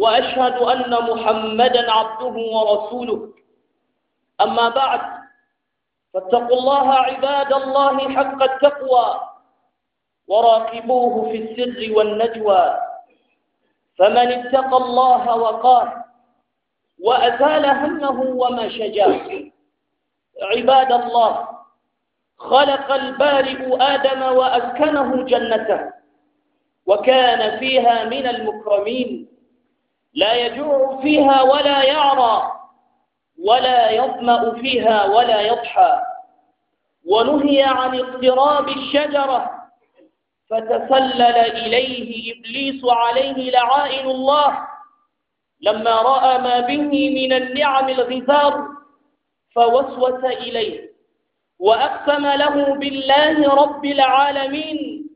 وأشهد أن محمدا عبده ورسوله أما بعد فاتقوا الله عباد الله حق التقوى وراقبوه في السر والنجوى فمن اتقى الله وقاه وأزال همه وما شجاه عباد الله خلق البارئ آدم وأسكنه جنته وكان فيها من المكرمين لا يجوع فيها ولا يعرى ولا يظمأ فيها ولا يضحى ونهي عن اقتراب الشجرة فتسلل إليه إبليس عليه لعائن الله لما رأى ما به من النعم الغفار فوسوس إليه وأقسم له بالله رب العالمين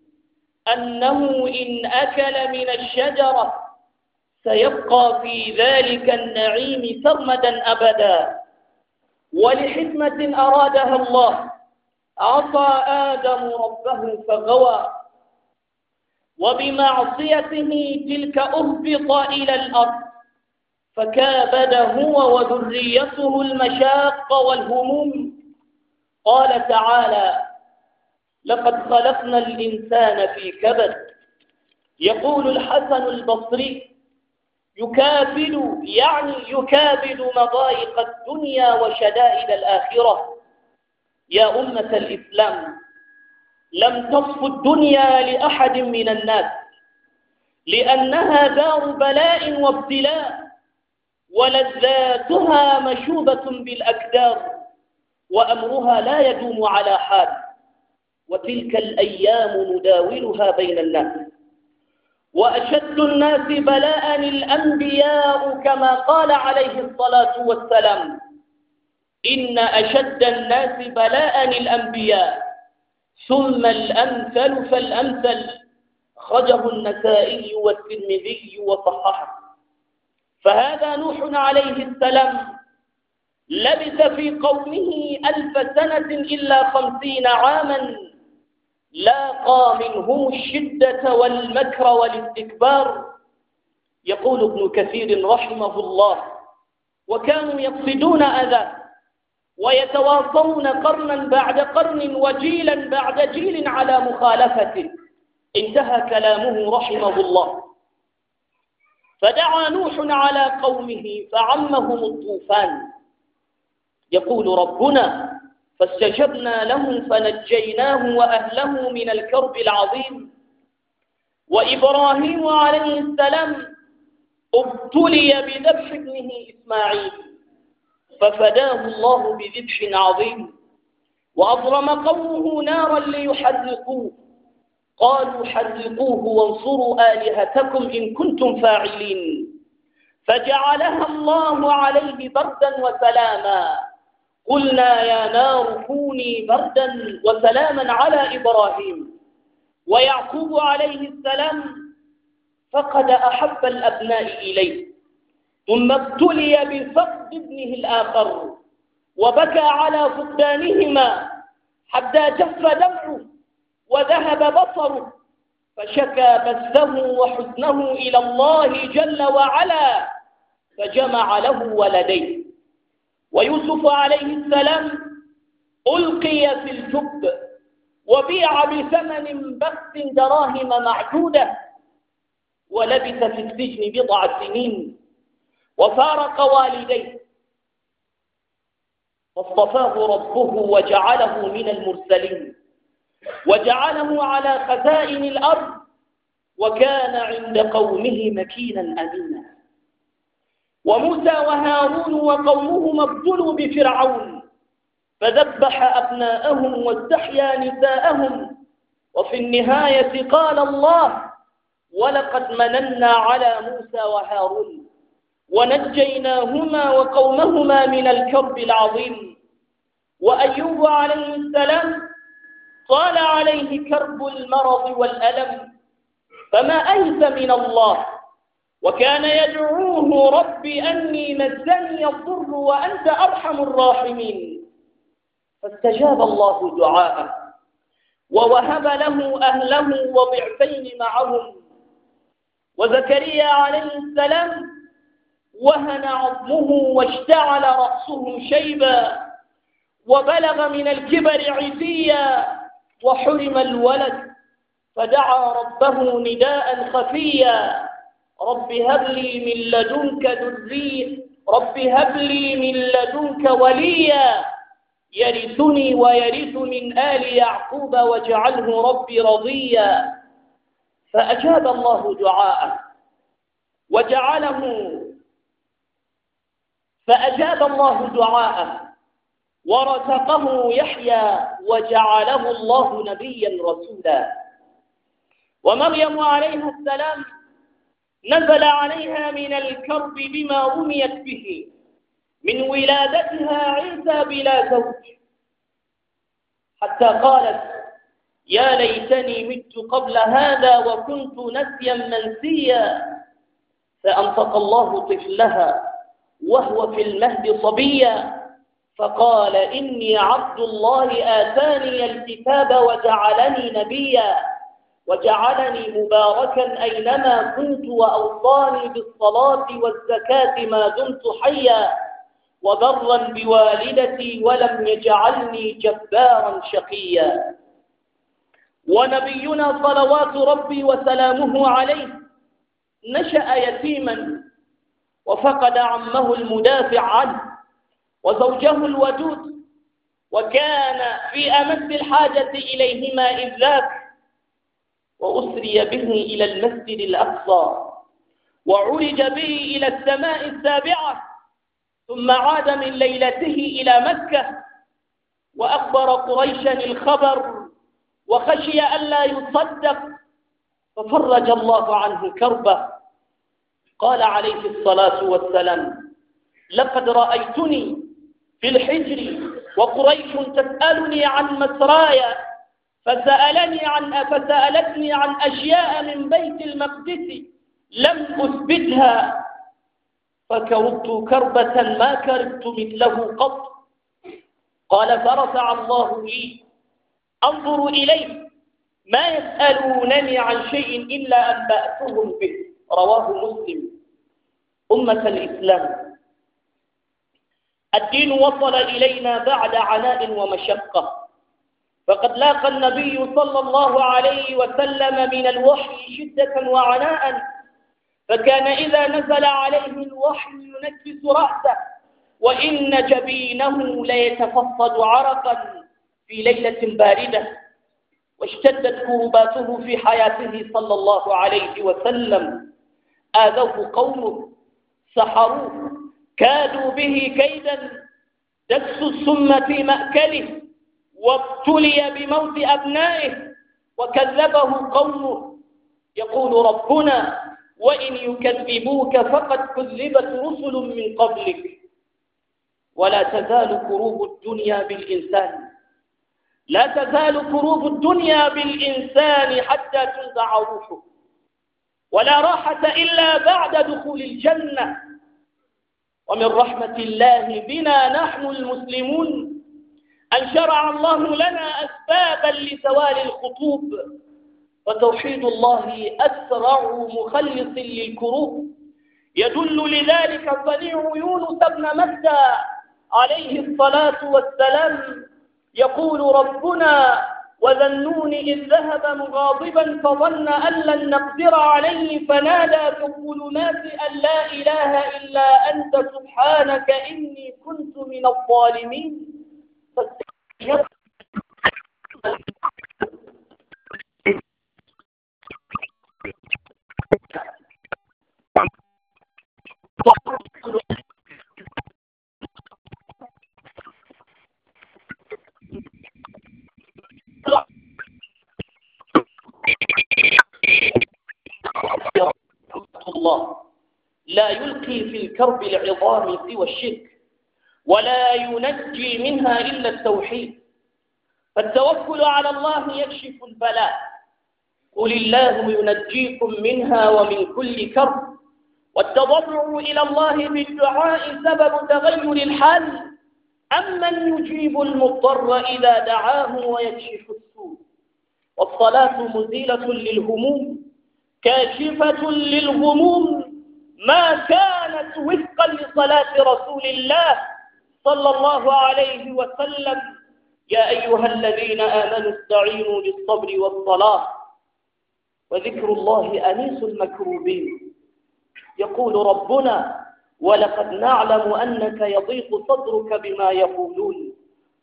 أنه إن أكل من الشجرة سيبقى في ذلك النعيم سرمدا أبدا ولحكمة أرادها الله عصى آدم ربه فغوى وبمعصيته تلك أهبط إلى الأرض فكابد هو وذريته المشاق والهموم قال تعالى لقد خلقنا الإنسان في كبد يقول الحسن البصري يكابد يعني يكابد مضايق الدنيا وشدائد الآخرة يا أمة الإسلام لم تصف الدنيا لأحد من الناس لأنها دار بلاء وابتلاء ولذاتها مشوبة بالأكدار وأمرها لا يدوم على حال وتلك الأيام نداولها بين الناس وأشد الناس بلاء الأنبياء كما قال عليه الصلاة والسلام إن أشد الناس بلاء الأنبياء ثم الأمثل فالأمثل خرجه النسائي والترمذي وصححه فهذا نوح عليه السلام لبث في قومه ألف سنة إلا خمسين عاماً لاقى منهم الشدة والمكر والاستكبار يقول ابن كثير رحمه الله وكانوا يقصدون أذى ويتواصون قرنا بعد قرن وجيلا بعد جيل على مخالفته انتهى كلامه رحمه الله فدعا نوح على قومه فعمهم الطوفان يقول ربنا فاستجبنا له فنجيناه وأهله من الكرب العظيم وإبراهيم عليه السلام ابتلي بذبح ابنه إسماعيل ففداه الله بذبح عظيم وأضرم قومه نارا ليحرقوه قالوا حرقوه وانصروا آلهتكم إن كنتم فاعلين فجعلها الله عليه بردا وسلاما قلنا يا نار كوني بردا وسلاما على إبراهيم ويعقوب عليه السلام فقد أحب الأبناء إليه ثم ابتلي بفقد ابنه الآخر وبكى على فقدانهما حتى جف دمعه وذهب بصره فشكى بثه وحزنه إلى الله جل وعلا فجمع له ولديه ويوسف عليه السلام ألقي في الجب وبيع بثمن بخس دراهم معدودة ولبث في السجن بضع سنين وفارق والديه فاصطفاه ربه وجعله من المرسلين وجعله على خزائن الأرض وكان عند قومه مكينا أمينا وموسى وهارون وقومهما ابتلوا بفرعون فذبح أبناءهم واستحيا نساءهم وفي النهاية قال الله ولقد مننا على موسى وهارون ونجيناهما وقومهما من الكرب العظيم وأيوب عليه السلام قال عليه كرب المرض والألم فما أيس من الله وكان يدعوه ربي أني مزني الضر وأنت أرحم الراحمين فاستجاب الله دعاءه ووهب له أهله وضعفين معهم وزكريا عليه السلام وهن عظمه واشتعل رأسه شيبا وبلغ من الكبر عزيا وحرم الولد فدعا ربه نداء خفيا رب هب لي من لدنك ذرية رب هب لي من لدنك وليا يرثني ويرث من آل يعقوب واجعله ربي رضيا فأجاب الله دعاءه وجعله فأجاب الله دعاءه ورزقه يحيى وجعله الله نبيا رسولا ومريم عليه السلام نزل عليها من الكرب بما رميت به من ولادتها عيسى بلا زوج حتى قالت يا ليتني مت قبل هذا وكنت نسيا منسيا فأنطق الله طفلها وهو في المهد صبيا فقال إني عبد الله آتاني الكتاب وجعلني نبيا وجعلني مباركا أينما كنت وأوصاني بالصلاة والزكاة ما دمت حيا وبرا بوالدتي ولم يجعلني جبارا شقيا ونبينا صلوات ربي وسلامه عليه نشأ يتيما وفقد عمه المدافع عنه وزوجه الودود وكان في أمس الحاجة إليهما إذ ذاك وأسري به إلى المسجد الأقصى وعرج به إلى السماء السابعة ثم عاد من ليلته إلى مكة وأخبر قريشا الخبر وخشي ألا يصدق ففرج الله عنه كربه قال عليه الصلاة والسلام لقد رأيتني في الحجر وقريش تسألني عن مسرايا فسألني عن فسألتني عن أشياء من بيت المقدس لم أثبتها فكربت كربة ما كربت مثله قط قال فرفع الله لي أنظر إليه ما يسألونني عن شيء إلا أنبأتهم به رواه مسلم أمة الإسلام الدين وصل إلينا بعد عناء ومشقة فقد لاقى النبي صلى الله عليه وسلم من الوحي شدة وعناء فكان إذا نزل عليه الوحي ينكس رأسه وإن جبينه ليتفضد عرقا في ليلة باردة واشتدت كرباته في حياته صلى الله عليه وسلم آذوه قومه سحروه كادوا به كيدا دسوا السم في مأكله وابتلي بموت أبنائه وكذبه قومه يقول ربنا وإن يكذبوك فقد كذبت رسل من قبلك ولا تزال كروب الدنيا بالإنسان لا تزال كروب الدنيا بالإنسان حتى تنزع روحه ولا راحة إلا بعد دخول الجنة ومن رحمة الله بنا نحن المسلمون أن شرع الله لنا أسبابا لزوال الخطوب وتوحيد الله أسرع مخلص للكروب يدل لذلك صنيع يونس بن مكة عليه الصلاة والسلام يقول ربنا وذا النون إذ ذهب مغاضبا فظن أن لن نقدر عليه فنادى في الظلمات أن لا إله إلا أنت سبحانك إني كنت من الظالمين الله لا يلقي في الكرب العظام سوى الشرك ولا ينجي منها إلا التوحيد فالتوكل على الله يكشف البلاء قل الله ينجيكم منها ومن كل كرب والتضرع إلى الله بالدعاء سبب تغير الحال أمن يجيب المضطر إذا دعاه ويكشف السوء والصلاة مزيلة للهموم كاشفة للغموم ما كانت وفقا لصلاة رسول الله صلى الله عليه وسلم يا أيها الذين آمنوا استعينوا بالصبر والصلاة وذكر الله أنيس المكروبين يقول ربنا ولقد نعلم أنك يضيق صدرك بما يقولون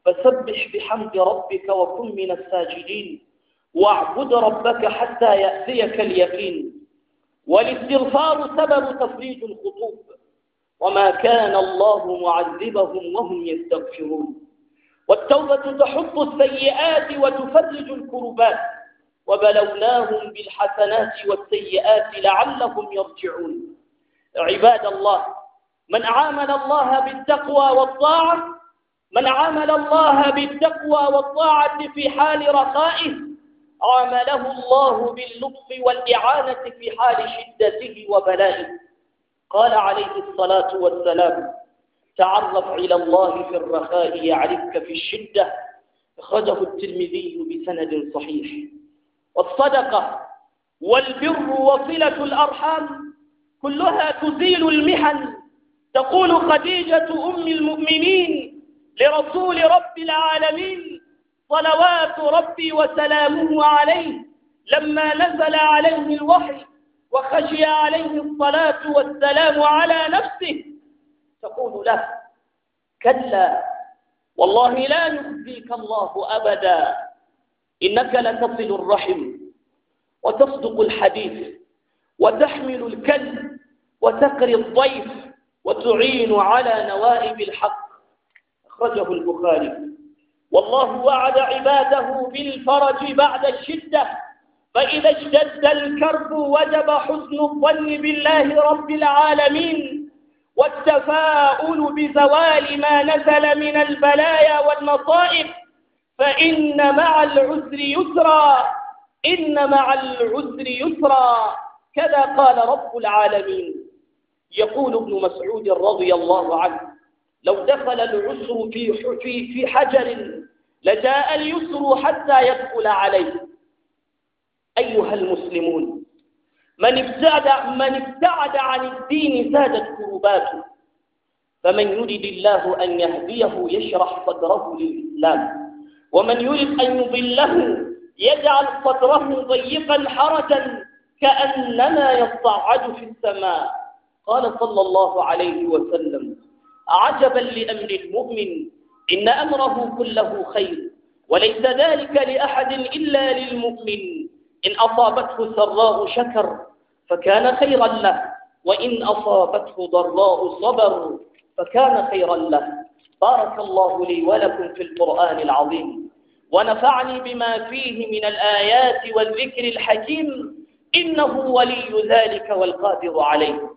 فسبح بحمد ربك وكن من الساجدين واعبد ربك حتى يأتيك اليقين والاستغفار سبب تفريج الخطوب وما كان الله معذبهم وهم يستغفرون والتوبة تحط السيئات وتفرج الكربات وبلوناهم بالحسنات والسيئات لعلهم يرجعون عباد الله من عامل الله بالتقوى والطاعة من عامل الله بالتقوى والطاعة في حال رخائه عامله الله باللطف والإعانة في حال شدته وبلائه قال عليه الصلاة والسلام تعرف إلى الله في الرخاء يعرفك في الشدة أخرجه الترمذي بسند صحيح والصدقة والبر وصلة الأرحام كلها تزيل المحن تقول خديجة أم المؤمنين لرسول رب العالمين صلوات ربي وسلامه عليه لما نزل عليه الوحي وخشي عليه الصلاة والسلام على نفسه تقول له كلا والله لا يخزيك الله أبدا إنك لتصل الرحم وتصدق الحديث وتحمل الكلب وتقري الضيف وتعين على نوائب الحق أخرجه البخاري والله وعد عباده بالفرج بعد الشدة فإذا اشتد الكرب وجب حسن الظن بالله رب العالمين والتفاؤل بزوال ما نزل من البلايا والمصائب فإن مع العسر يسرا إن مع العسر يسرا كذا قال رب العالمين يقول ابن مسعود رضي الله عنه لو دخل العسر في في في حجر لجاء اليسر حتى يدخل عليه أيها المسلمون من ابتعد من ابتعد عن الدين سادت كرباته فمن يرد الله أن يهديه يشرح صدره للإسلام ومن يرد أن يضله يجعل صدره ضيقا حرجا كأنما يصعد في السماء قال صلى الله عليه وسلم عجبا لأمر المؤمن إن أمره كله خير وليس ذلك لأحد إلا للمؤمن إن أصابته سراء شكر فكان خيرا له وإن أصابته ضراء صبر فكان خيرا له بارك الله لي ولكم في القرآن العظيم ونفعني بما فيه من الآيات والذكر الحكيم إنه ولي ذلك والقادر عليه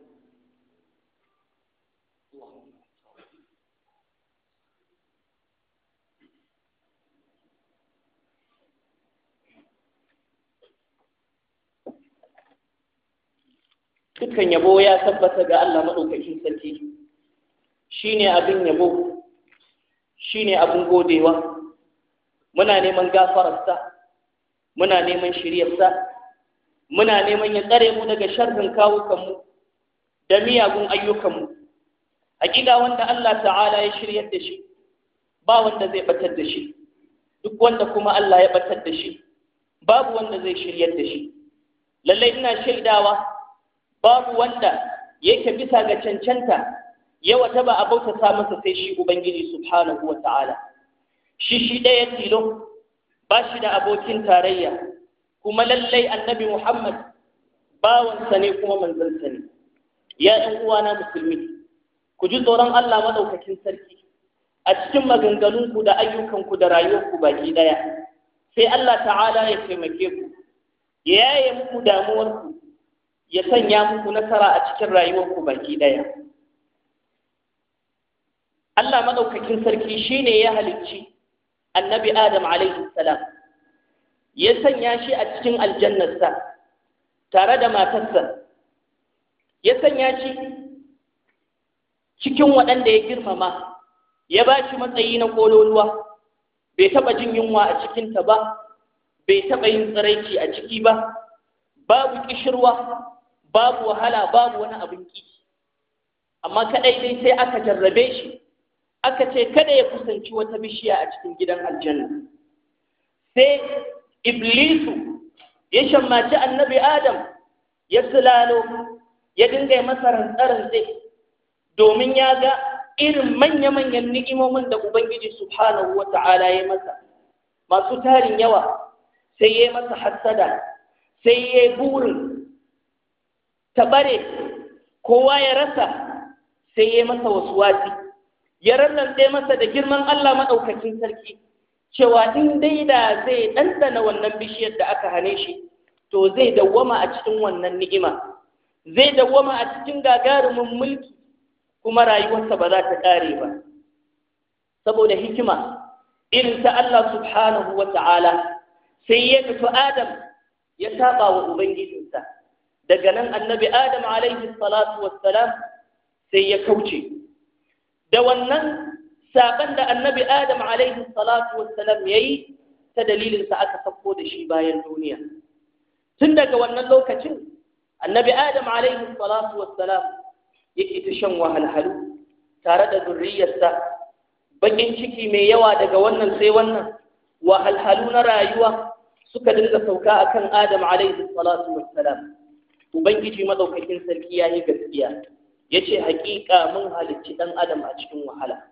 dukkan yabo ya tabbata ga Allah maɗaukakin sarki shi ne abin yabo shi ne abin godewa muna neman gafararsa muna neman shiryarsa muna neman ya tsare mu daga sharrin kawukanmu da miyagun ayyukanmu hakika wanda Allah ta'ala ya shiryar da shi ba wanda zai batar da shi duk wanda kuma Allah ya batar da shi babu wanda zai shiryar da shi lallai ina shaidawa babu wanda yake bisa ga cancanta yawa ta ba a bautata masa sai shi ubangiji subhanahu wa ta'ala shi shi ɗaya tilo ba shi da abokin tarayya kuma lallai annabi muhammad bawansa ne kuma manzansa ne ya ɗan uwana musulmi ku ji tsoron allah maɗaukakin sarki a cikin maganganunku da ayyukanku da rayuwarku baki ɗaya sai allah ta'ala ya taimake ku ya yaye muku damuwarku ya sanya muku nasara a cikin rayuwarku baki ɗaya Allah maɗaukakin sarki shine ya halicci annabi Adam alaihi salam ya sanya shi a cikin aljannarsa tare da matarsa ya sanya shi cikin waɗanda ya girmama ya ba shi matsayi na kololuwa bai taɓa jin yunwa a cikin ta ba bai taɓa yin tsiraici a ciki ba babu ƙishirwa babu wahala babu wani abin kiki, amma kadai dai sai aka jarrabe shi aka ce kada ya kusanci wata bishiya a cikin gidan aljanna sai iblisu ya shammaci annabi adam ya sulalo ya dinga masa rantsarantse domin ya ga irin manya-manyan ni'imomin da ubangiji subhanahu wata'ala ya masa masu tarin yawa sai ya masa hassada sai ya burin ta ɓare, kowa ya rasa sai ya masa wasu wasi ya rannantse masa da girman Allah maɗaukakin sarki cewa in dai da zai ɗanɗana wannan bishiyar da aka hane shi to zai dawwama a cikin wannan ni'ima zai dawwama a cikin gagarumin mulki kuma rayuwarsa ba za ta ƙare ba saboda hikima irin ta Allah subhanahu wa ta'ala sai ya nufi Adam ya saba wa Ubangiji daga nan annabi adam alaihi salatu wassalam sai ya kauce da wannan saban da annabi adam alaihi salatu wassalam ya yi ta dalilinsa aka sauko da shi bayan duniya tun daga wannan lokacin annabi adam alaihi salatu wassalam yake ta shan wahalhalu tare da zurriyarsa bakin ciki mai yawa daga wannan sai wannan wahalhalu na rayuwa suka dinga sauka akan adam alaihi salatu wassalam ubangiji maɗaukakin sarki ya yi gaskiya ya ce haƙiƙa mun halicci ɗan adam a cikin wahala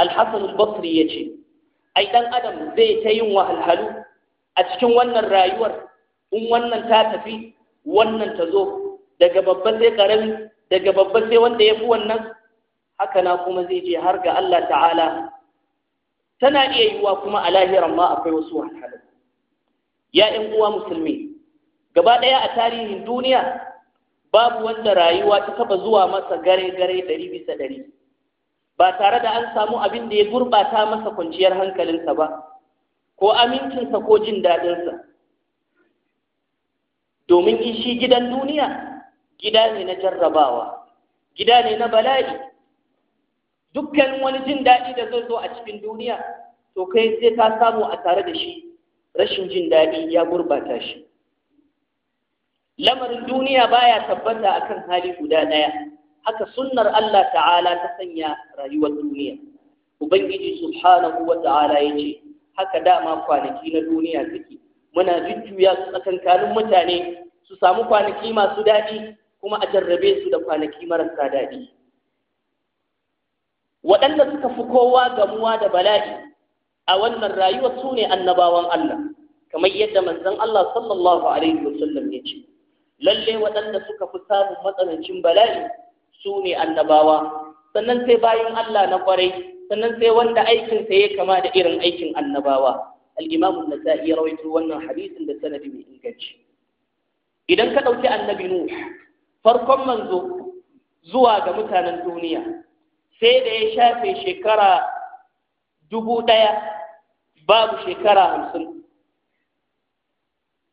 Alhassan Basri ya ce, ai ɗan adam zai ta yin wahalhalu a cikin wannan rayuwar in wannan ta tafi wannan ta zo daga babba sai ƙarami daga babba sai wanda ya fi wannan haka na kuma zai je har ga Allah ta'ala tana iya yiwuwa kuma a lahiran ma akwai wasu wahalhalu ya 'yan uwa musulmi gaba ɗaya a tarihin duniya babu wanda rayuwa ta taba zuwa masa gare-gare ɗari bisa ɗari ba tare da an samu abin da ya gurɓata masa kwanciyar hankalinsa ba ko amincinsa ko jin daɗinsa domin in shi gidan duniya gida ne na jarrabawa gida ne na bala'i dukkan wani jin daɗi da zai zo a cikin duniya to kai sai ta samu a tare da shi rashin jin daɗi ya gurbata shi lamarin duniya baya tabbata akan hali guda ɗaya haka sunnar Allah ta'ala ta sanya rayuwar duniya ubangiji subhanahu wa ta'ala yace haka dama kwanaki na duniya suke muna jujjuya su tsakankanin mutane su samu kwanaki masu daɗi kuma a jarrabe su da kwanaki marasa daɗi waɗanda suka fi kowa gamuwa da bala'i a wannan rayuwar su ne annabawan Allah kamar yadda manzon Allah sallallahu alaihi lalle waɗanda suka fi samun matsanancin bala'i su ne annabawa sannan sai bayan Allah na ƙwarai, sannan sai wanda aikinsa ya kama da irin aikin annabawa al-imamu nasa'i ya rawaito wannan hadisin da sanadi mai inganci idan ka ɗauki annabi nuh farkon manzo zuwa ga mutanen duniya sai da ya shafe shekara dubu ɗaya babu shekara hamsin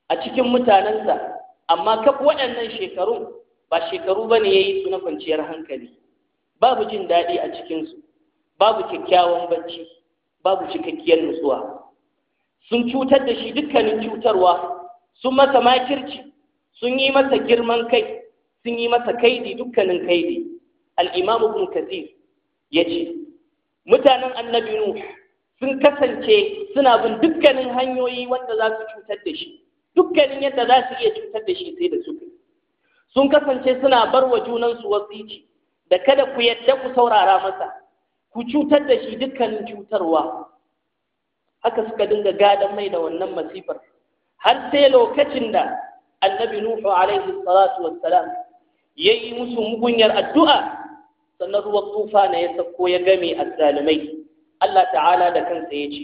a cikin mutanensa amma kaf waɗannan shekarun ba shekaru bane yi su na kwanciyar hankali babu jin daɗi a cikinsu babu kyakkyawan bacci babu cikakkiyar nutsuwa sun cutar da shi dukkanin cutarwa sun masa makirci sun yi masa girman kai sun yi masa kaidi dukkanin kaidi al'imamu ibn kasir ya ce mutanen annabi nuh sun kasance suna bin dukkanin hanyoyi wanda za su cutar da shi dukkanin yadda za su iya cutar da shi sai da su sun kasance suna bar wa junansu wasici da kada ku yadda ku saurara masa ku cutar da shi dukkanin cutarwa haka suka dinga gadon mai da wannan masifar har sai lokacin da annabi nuhu alaihi salatu wassalam ya yi musu mugunyar addu'a sannan ruwan tufa na ya sauko ya game azzalimai Allah ta'ala da kansa ya ce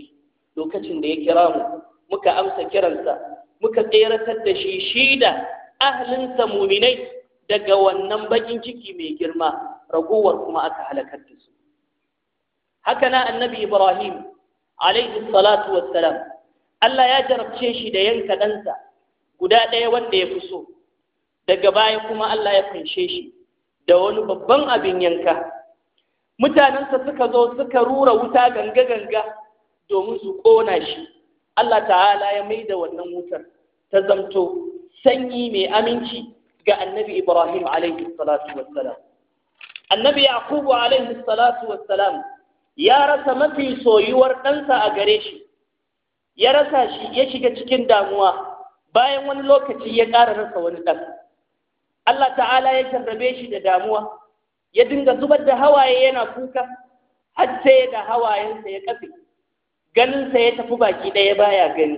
lokacin da ya kira mu muka amsa kiransa muka ƙeratar da shi shi da ahlinsa muminai daga wannan baƙin ciki mai girma ragowar kuma aka halakar da su haka na annabi ibrahim alaihi salatu wassalam Allah ya jarabce shi da yanka ɗansa guda ɗaya wanda ya fi so daga baya kuma Allah ya kunshe shi da wani babban abin yanka mutanensa suka zo suka rura wuta ganga-ganga domin su ƙona shi Allah ta'ala ya da wannan wutar ta zamto sanyi mai aminci ga annabi Ibrahim alaihi salatu annabi Yaqubu alaihi salatu ya rasa mafi soyuwar ɗansa a gare shi ya rasa shi ya shiga cikin damuwa bayan wani lokaci ya ƙara rasa wani ɗan Allah ta'ala ya jarrabe shi da damuwa ya dinga zubar da hawaye yana kuka har sai da hawayensa ya kafe ganinsa ya tafi baki ɗaya baya gani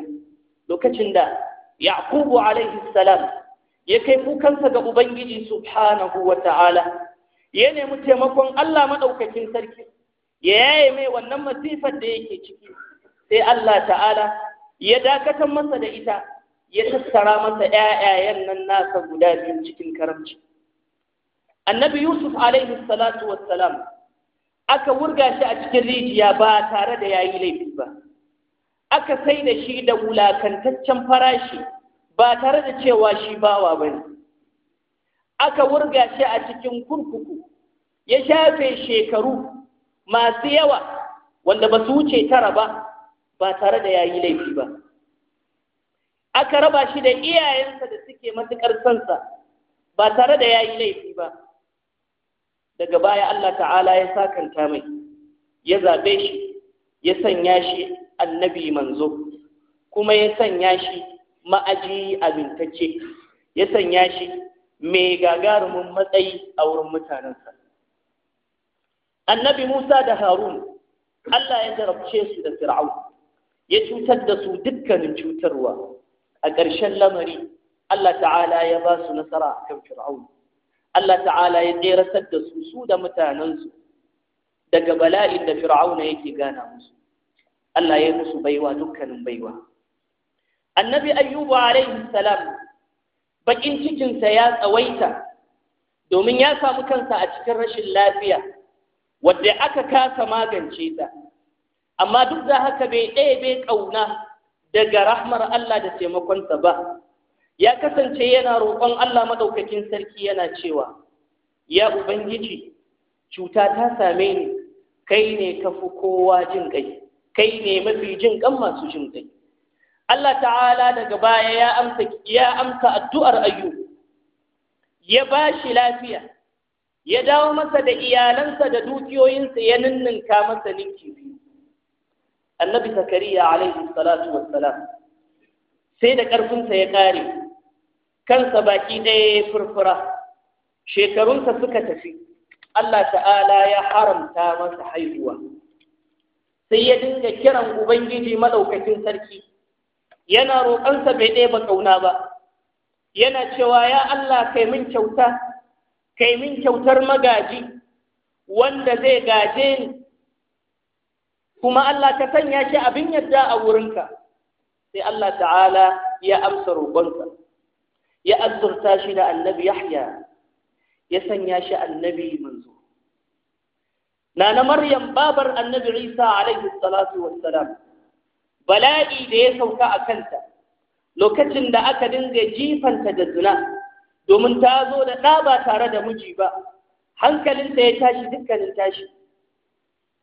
lokacin da yaqubu alaihi salam ya kai kukansa ga ubangiji subhanahu wa ta'ala ya nemi taimakon Allah maɗaukakin sarki ya yaye mai wannan masifar da yake ciki sai Allah ta'ala ya dakatar masa da ita ya tattara masa ƴaƴayen nan nasa guda biyu cikin karamci annabi yusuf alaihi salatu wassalam aka wurga shi a cikin rijiya ba tare da yayi laifi ba aka sai da shi da wulakantaccen farashi ba tare da cewa shi bawa ba ne aka wurga shi a cikin kurkuku ya shafe shekaru masu yawa wanda ba su wuce tara ba ba tare da yayi laifi ba aka raba shi da iyayensa da suke matuƙar sansa ba tare da yayi laifi ba daga baya Allah ta'ala ya sakanta mai ya zaɓe shi ya sanya shi annabi manzo kuma ya sanya shi ma'aji abintacce ya sanya shi mai gagarumin matsayi a wurin mutanensa annabi musa da harun Allah ya jarabce su da fir'au ya cutar da su dukkanin cutarwa a ƙarshen lamari Allah ta'ala ya ba su nasara kan fir'aun Allah ta'ala ya tseratar da su su da mutanensu daga bala'in da fir'auna yake gana musu Allah ya yi musu baiwa dukkanin baiwa annabi ayyubu alaihi salam bakin cikinsa ya tsawaita domin ya samu kansa a cikin rashin lafiya wadda aka kasa magance ta amma duk da haka bai ɗaya bai ƙauna daga rahmar Allah da taimakonsa ba ya kasance yana roƙon Allah maɗaukakin sarki yana cewa ya ubangiji cuta ta same ni kai ne ka fi kowa jin ƙai kai ne mafi jin ƙan masu jin ƙai Allah ta'ala daga baya ya amsa ya amsa addu'ar ayyu ya ba shi lafiya ya dawo masa da iyalansa da dukiyoyinsa ya ninninka masa ninki biyu annabi zakariya alaihi salatu wassalam sai da ƙarfinsa ya ƙare kansa baki ɗaya ya furfura shekarunsa suka tafi Allah ta'ala ya haramta masa haihuwa sai ya dinga kiran ubangiji madaukakin sarki yana roƙonsa bai ɗaya ba ƙauna ba yana cewa ya Allah kai min kyauta kai min kyautar magaji wanda zai gaje ni kuma Allah ka sanya shi abin yadda a wurinka sai Allah ta'ala ya amsa roƙonsa ya azurta shi da annabi Yahya ya sanya shi annabi manzo nana Maryam babar annabi Isa alaihi salatu wassalam bala'i da ya sauka a kanta lokacin da aka dinga jifanta da zina domin ta zo da ɗa ba tare da miji ba hankalinta ya tashi dukkanin tashi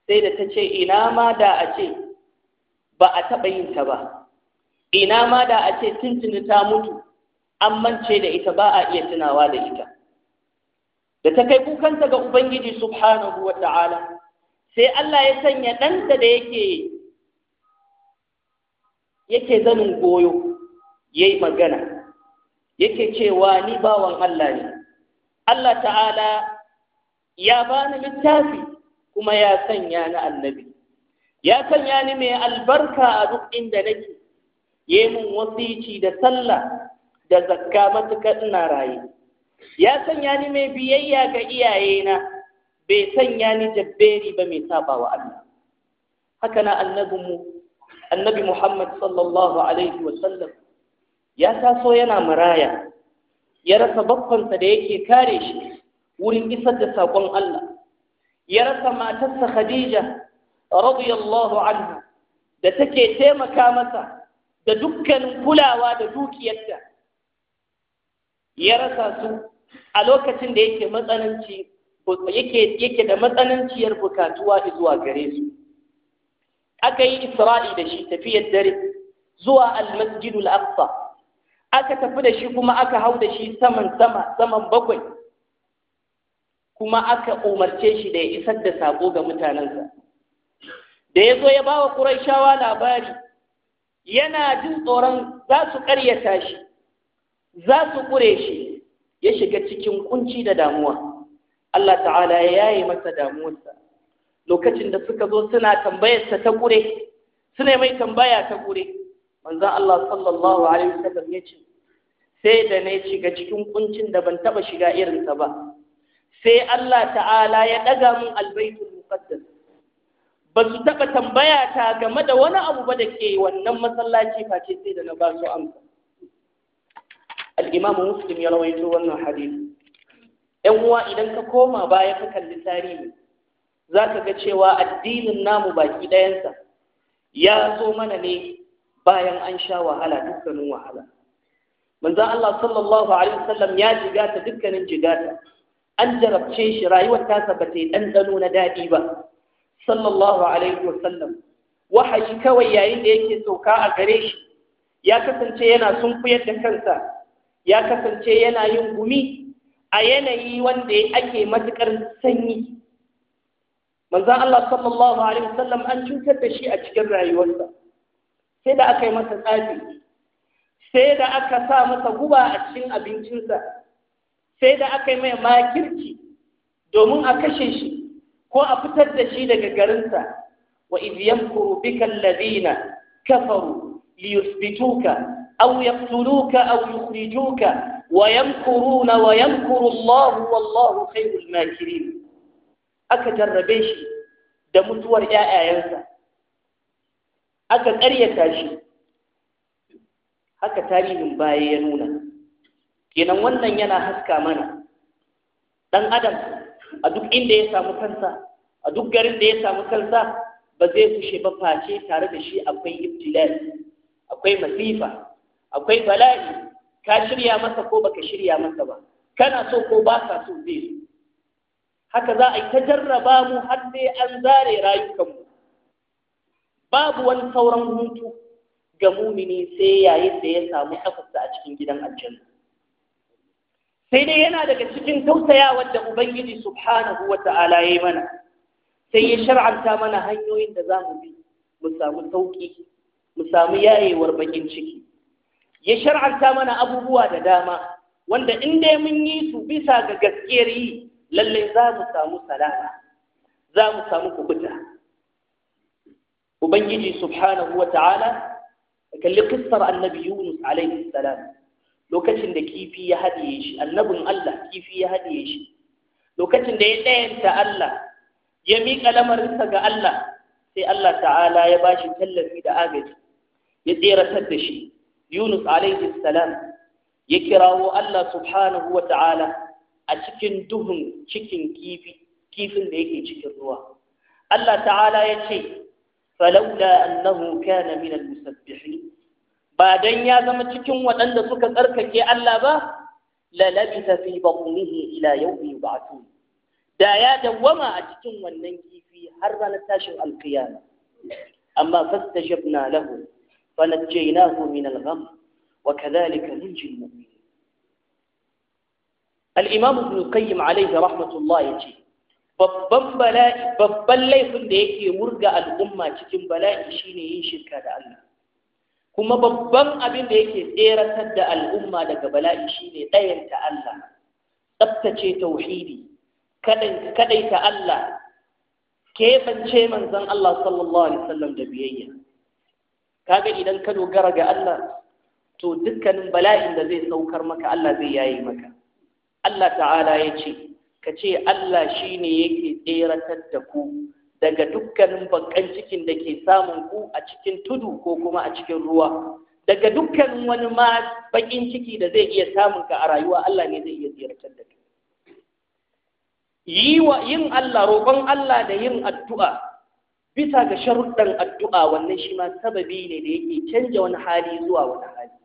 sai da ta ce ina ma da a ce ba a taɓa yin ta ba ina ma da a ce tuntuni ta mutu an mance da ita ba a iya tunawa da ita da ta kai kukanta ga ubangiji subhanahu wa ta'ala sai Allah ya sanya ɗanta da yake yake zanin goyo ya yi magana yake cewa ni bawan Allah ne Allah ta'ala ya bani littafi kuma ya sanya ni annabi ya sanya ni mai albarka a duk inda nake yi min wasici da sallah da zakka matuƙar ina raye ya sanya ni mai biyayya ga iyayena bai sanya ni jabberi ba mai sabawa Allah haka na annabinmu annabi Muhammad sallallahu alaihi Wasallam ya taso yana maraya ya rasa bakkonsa da yake kare shi wurin isar da saƙon Allah ya rasa matarsa Khadija radiyallahu anha da take taimaka masa da dukkan kulawa da dukiyarta ya rasa su a lokacin da yake matsananci yake yake da matsananciyar bukatuwa zuwa gare su aka yi isra'i da shi tafiyar dare zuwa almasjidul aqsa aka tafi da shi kuma aka hau da shi saman sama saman bakwai kuma aka umarce shi da ya isar da sako ga mutanensa da ya zo ya ba wa labari yana jin tsoron za su ƙaryata shi za su ƙure shi ya shiga cikin kunci da damuwa Allah ta'ala ya yi masa damuwarsa lokacin da suka zo suna tambayarsa ta ƙure suna mai tambaya ta ƙure manzan Allah sallallahu alaihi wasallam ya ce sai da na shiga cikin kuncin da ban taba shiga irinsa ba sai Allah ta'ala ya ɗaga min albaitul muqaddas ba su taɓa tambaya ta game da wani abu ba da ke wannan masallaci face sai da na ba su amsa al'imamu muslim ya rawaito wannan hadisi ‘yan uwa idan ka koma baya ka kalli tarihi za ka ga cewa addinin namu baki ɗayansa ya zo mana ne bayan an sha wahala dukkanin wahala manzan Allah sallallahu alaihi wasallam ya jigata dukkanin jigata an jarabce shi rayuwar tasa ba ta yi ɗanɗano na daɗi ba sallallahu alaihi wasallam wahayi kawai yayin da yake sauka a gare shi ya kasance yana sunkuyar da kansa ya kasance yana yin gumi a yanayi wanda ake matuƙar sanyi manzan Allah sallallahu alaihi wasallam an cutar da shi a cikin rayuwarsa sai da aka yi masa tsafi sai da aka sa masa guba a cikin abincinsa sai da aka yi mai makirci domin a kashe shi ko a fitar da shi daga garinsa wa idh yamkuru bika kafaru liyusbituka أو يقتلوك أو يخرجوك ويمكرون ويمكر الله والله خير الماكرين aka jarrabe shi da mutuwar ‘ya'yayensa, aka ƙaryata shi, haka tarihin baya ya nuna. Kenan wannan yana haska mana, ɗan Adam a duk inda ya samu kansa, a duk garin da ya samu kansa ba zai fushe ba face tare da shi akwai ibtilal, akwai masifa, akwai bala'i ka shirya masa ko baka shirya masa ba kana so ko ba ka so zai so haka za a yi ta jarraba mu har sai an zare rayukanmu babu wani sauran hutu ga mumini sai yayin da ya samu tafasa a cikin gidan aljanna sai dai yana daga cikin tausayawar da ubangiji subhanahu wa ta'ala ya mana sai ya shar'anta mana hanyoyin da za mu bi mu samu sauƙi mu samu yayewar bakin ciki ya shar'anta mana abubuwa da dama wanda in dai mun yi su bisa ga gaskiyar yi lalle za mu samu salama za mu samu kubuta ubangiji subhanahu wata'ala ka kalli kissar annabi yunus alaihi salam lokacin da kifi ya haɗiye shi annabin allah kifi ya haɗiye shi lokacin da ya ɗayanta allah ya miƙa lamarinsa ga allah sai allah ta'ala ya ba shi tallafi da agaji ya tseratar da shi Yunus alaihi salam ya kirawo Allah subhanahu wa ta'ala a cikin duhun cikin kifi kifin da yake cikin ruwa Allah ta'ala ya ce falaula annahu kana min ba dan ya zama cikin waɗanda suka tsarkake Allah ba la labita fi batnihi ila yawmi yub'atun da ya dawwama a cikin wannan kifi har ranar tashin alkiyama amma fastajabna lahu فنجيناه من الغم وكذلك ننجي المؤمنين الإمام ابن القيم عليه رحمة الله يجي babban bala'i babban laifin da yake murga al'umma cikin bala'i shine yin shirka da Allah kuma babban abin da yake tseratar da al'umma daga bala'i shine ɗayanta Allah tsabtace tauhidi kaɗaita Allah keɓance manzon Allah sallallahu alaihi wasallam da biyayya kaga idan ka dogara ga Allah to dukkanin bala'in da zai saukar maka Allah zai yayi maka Allah ta'ala ya ce ka ce Allah shi ne yake tseratar da ku daga dukkanin bakan cikin da ke samun ku a cikin tudu ko kuma a cikin ruwa daga dukkanin wani ma bakin ciki da zai iya samun ka a rayuwa Allah ne zai iya tseratar da ku yi wa yin Allah roƙon Allah da yin addu'a bisa ga sharuɗan addu'a wannan shi ma sababi ne da yake canja wani hali zuwa wani hali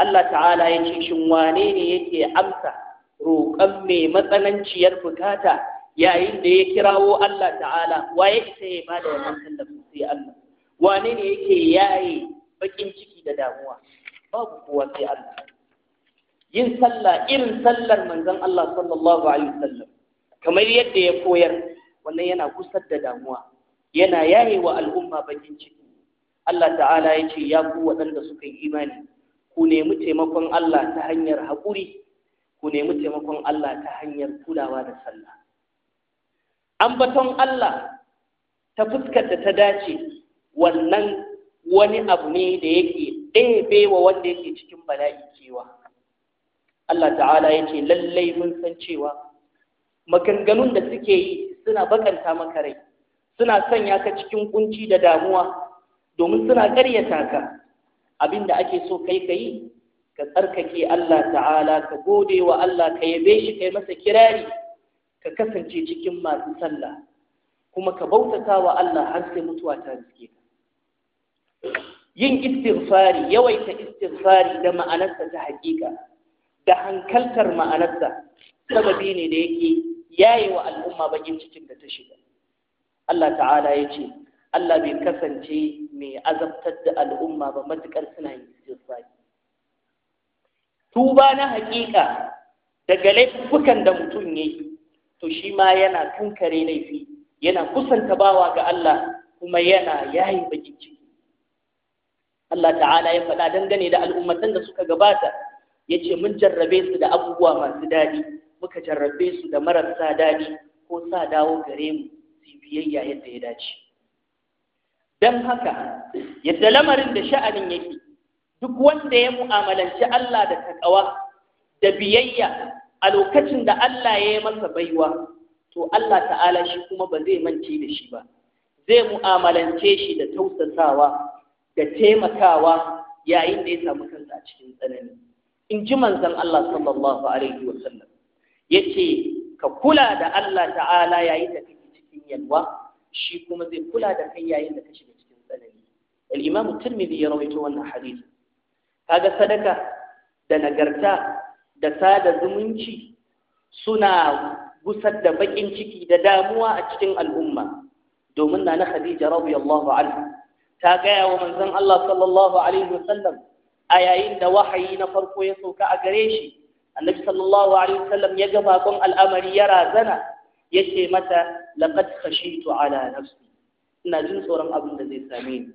Allah ta'ala ya ce shi wane ne yake amsa roƙon mai matsananciyar bukata yayin da ya kirawo Allah ta'ala wa ya isa ya ba da wannan tallafin sai Allah wane ne yake yaye baƙin ciki da damuwa babu kowa sai Allah yin sallah irin sallar manzon Allah sallallahu alaihi wasallam kamar yadda ya koyar wannan yana kusa da damuwa yana yaye wa al'umma bakin ciki Allah ta'ala ya ce ya ku waɗanda suka yi imani ku nemi taimakon Allah ta hanyar haƙuri ku nemi taimakon Allah ta hanyar kulawa da sallah ambaton Allah ta fuskar da ta dace wannan wani abu ne da yake ɗebe wa wanda yake cikin bala'i cewa. Allah ta'ala ya ce lallai mun san cewa maganganun da suke yi suna bakanta maka rai suna sanya ka cikin kunci da damuwa domin suna karyata ka abinda ake so kai kai ka tsarkake Allah ta'ala ka gode wa Allah ka yabe shi kai masa kirari ka kasance cikin masu sallah kuma ka bautata wa Allah har sai mutuwa ta riske ka yin istighfari yawaita istighfari da ma'anarsa ta hakika da hankaltar ma'anarsa sababi ne da yake yayewa wa al'umma bakin cikin da ta shiga Allah ta'ala ya ce Allah bai kasance mai azabtar da al'umma ba matukar suna yin istighfari tuba na haƙiƙa daga laifukan da mutum yi, to shi ma yana kankare laifi yana kusanta bawa ga Allah kuma yana yayi bakin ciki Allah ta'ala ya faɗa dangane da al'ummatan da suka gabata ya ce mun jarrabe su da abubuwa masu daɗi muka jarrabe su da marasa daɗi ko sa dawo gare mu biyayya yadda ya dace don haka yadda lamarin da sha'anin yake duk wanda ya mu'amalanci Allah da takawa da biyayya a lokacin da Allah ya yi masa baiwa to Allah ta'ala shi kuma ba zai mance da shi ba zai mu'amalance shi da tausasawa da taimakawa yayin da ya samu kansa a cikin tsanani in ji manzon Allah sallallahu alaihi wasallam yace ka kula da Allah ta'ala yayin da cikin yalwa shi kuma zai kula da kai yayin da ka shiga cikin tsanani al-imamu tirmidhi ya rawaito wannan hadisi kaga sadaka da nagarta da sada zumunci suna gusar da bakin ciki da damuwa a cikin al'umma domin na na Khadija radiyallahu anha ta gaya wa manzon Allah sallallahu alaihi wasallam a yayin da wahayi na farko ya sauka a gare shi annabi sallallahu alaihi wasallam ya ga bakon al'amari ya razana ce mata laqad khashitu ala nafsi ina jin tsoron abin da zai same ni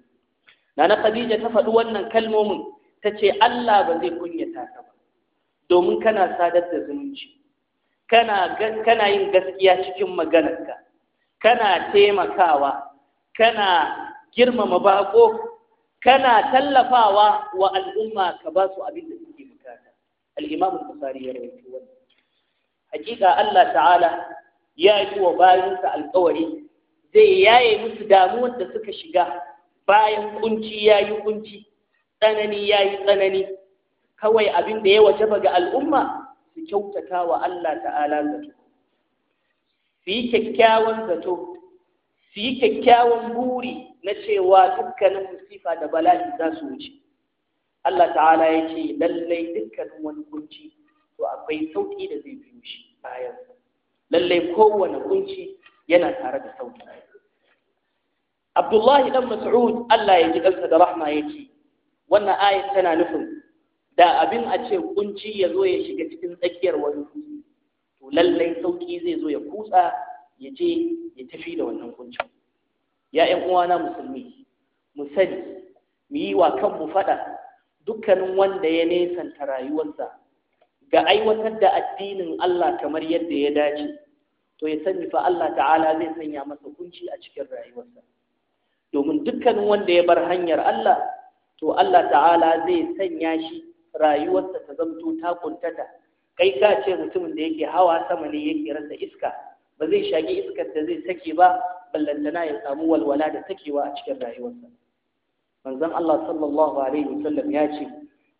nana khadija ta faɗi wannan kalmomin tace Allah ba zai kunyata ka ba domin kana sadar da zumunci kana kana yin gaskiya cikin maganarka kana taimakawa kana girmama bako kana tallafawa wa al'umma ka ba su abin da suke bukata al-imam ya rawaito wannan hakika Allah ta'ala ya yi wa bayansa alkawari zai yaye musu damuwar da suka shiga bayan kunci ya yi kunci tsanani ya yi tsanani kawai abin da ya wajaba ga al'umma su kyautata wa Allah ta'ala zato su yi kyakkyawan zato su yi kyakkyawan buri na cewa dukkanin musifa da bala'i za su wuce Allah ta'ala ya ce lallai dukkanin wani kunci to akwai sauƙi da zai biyo shi bayan lallai kowane kunci yana tare da sauki Abdullahi dan Mas'ud Allah ya ji kansa da rahma ce. wannan ayat tana nufin da abin a ce kunci ya zo ya shiga cikin tsakiyar wani to lallai sauki zai zo ya kutsa ya je ya tafi da wannan kuncin ya yan uwana musulmi mu sani mu yi wa kanmu faɗa dukkanin wanda ya nesanta rayuwarsa ga aiwatar da addinin Allah kamar yadda ya dace to ya sani fa Allah ta'ala zai sanya masa kunci a cikin rayuwarsa domin dukkanin wanda ya bar hanyar Allah to Allah ta'ala zai sanya shi rayuwarsa ta zamto ta kuntata kai ka ce mutumin da yake hawa sama ne yake rasa iska ba zai shagi iskar da zai take ba ballantana ya samu walwala da takewa a cikin rayuwarsa manzon Allah sallallahu alaihi wasallam ya ce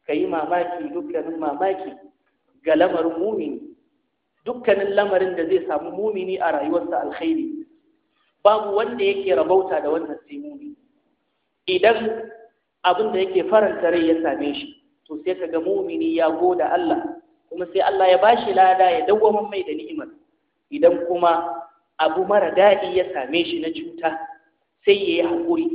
kai mamaki dukkanin mamaki ga lamarin mumini dukkanin lamarin da zai samu mumini a rayuwarsa alkhairi babu wanda yake rabauta da wannan sai mumini idan abin da yake faranta rai ya same shi to sai kaga mumini ya goda Allah kuma sai Allah ya bashi lada ya dawwama mai da ni'imar idan kuma abu mara daɗi ya same shi na cuta sai ya yi haƙuri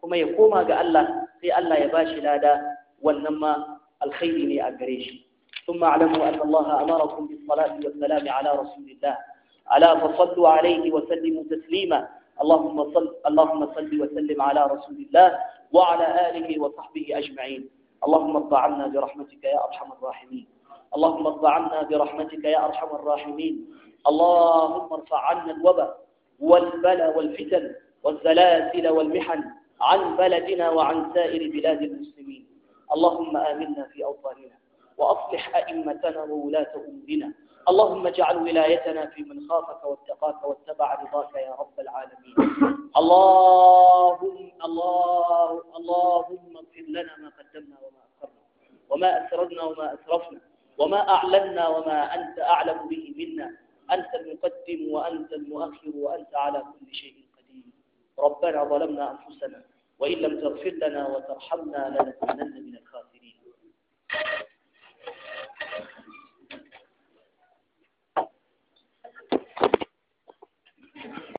kuma ya koma ga Allah sai Allah ya bashi lada wannan ma alkhairi ne a gare shi ثم اعلموا أن الله أمركم بالصلاة والسلام على رسول الله ألا فصلوا عليه وسلموا تسليما اللهم صل اللهم صل وسلم على رسول الله وعلى آله وصحبه أجمعين اللهم ارض عنا برحمتك يا أرحم الراحمين اللهم ارض عنا برحمتك يا أرحم الراحمين اللهم ارفع عنا الوباء والبلى والفتن والزلازل والمحن عن بلدنا وعن سائر بلاد المسلمين اللهم آمنا في أوطاننا وأصلح أئمتنا وولاة أمورنا اللهم اجعل ولايتنا في من خافك واتقاك واتبع رضاك يا رب العالمين اللهم الله اللهم اغفر لنا ما قدمنا وما أخرنا وما أسررنا وما أسرفنا وما أعلنا وما أنت أعلم به منا أنت المقدم وأنت المؤخر وأنت على كل شيء قدير ربنا ظلمنا أنفسنا وإن لم تغفر لنا وترحمنا لنكونن من الخاسرين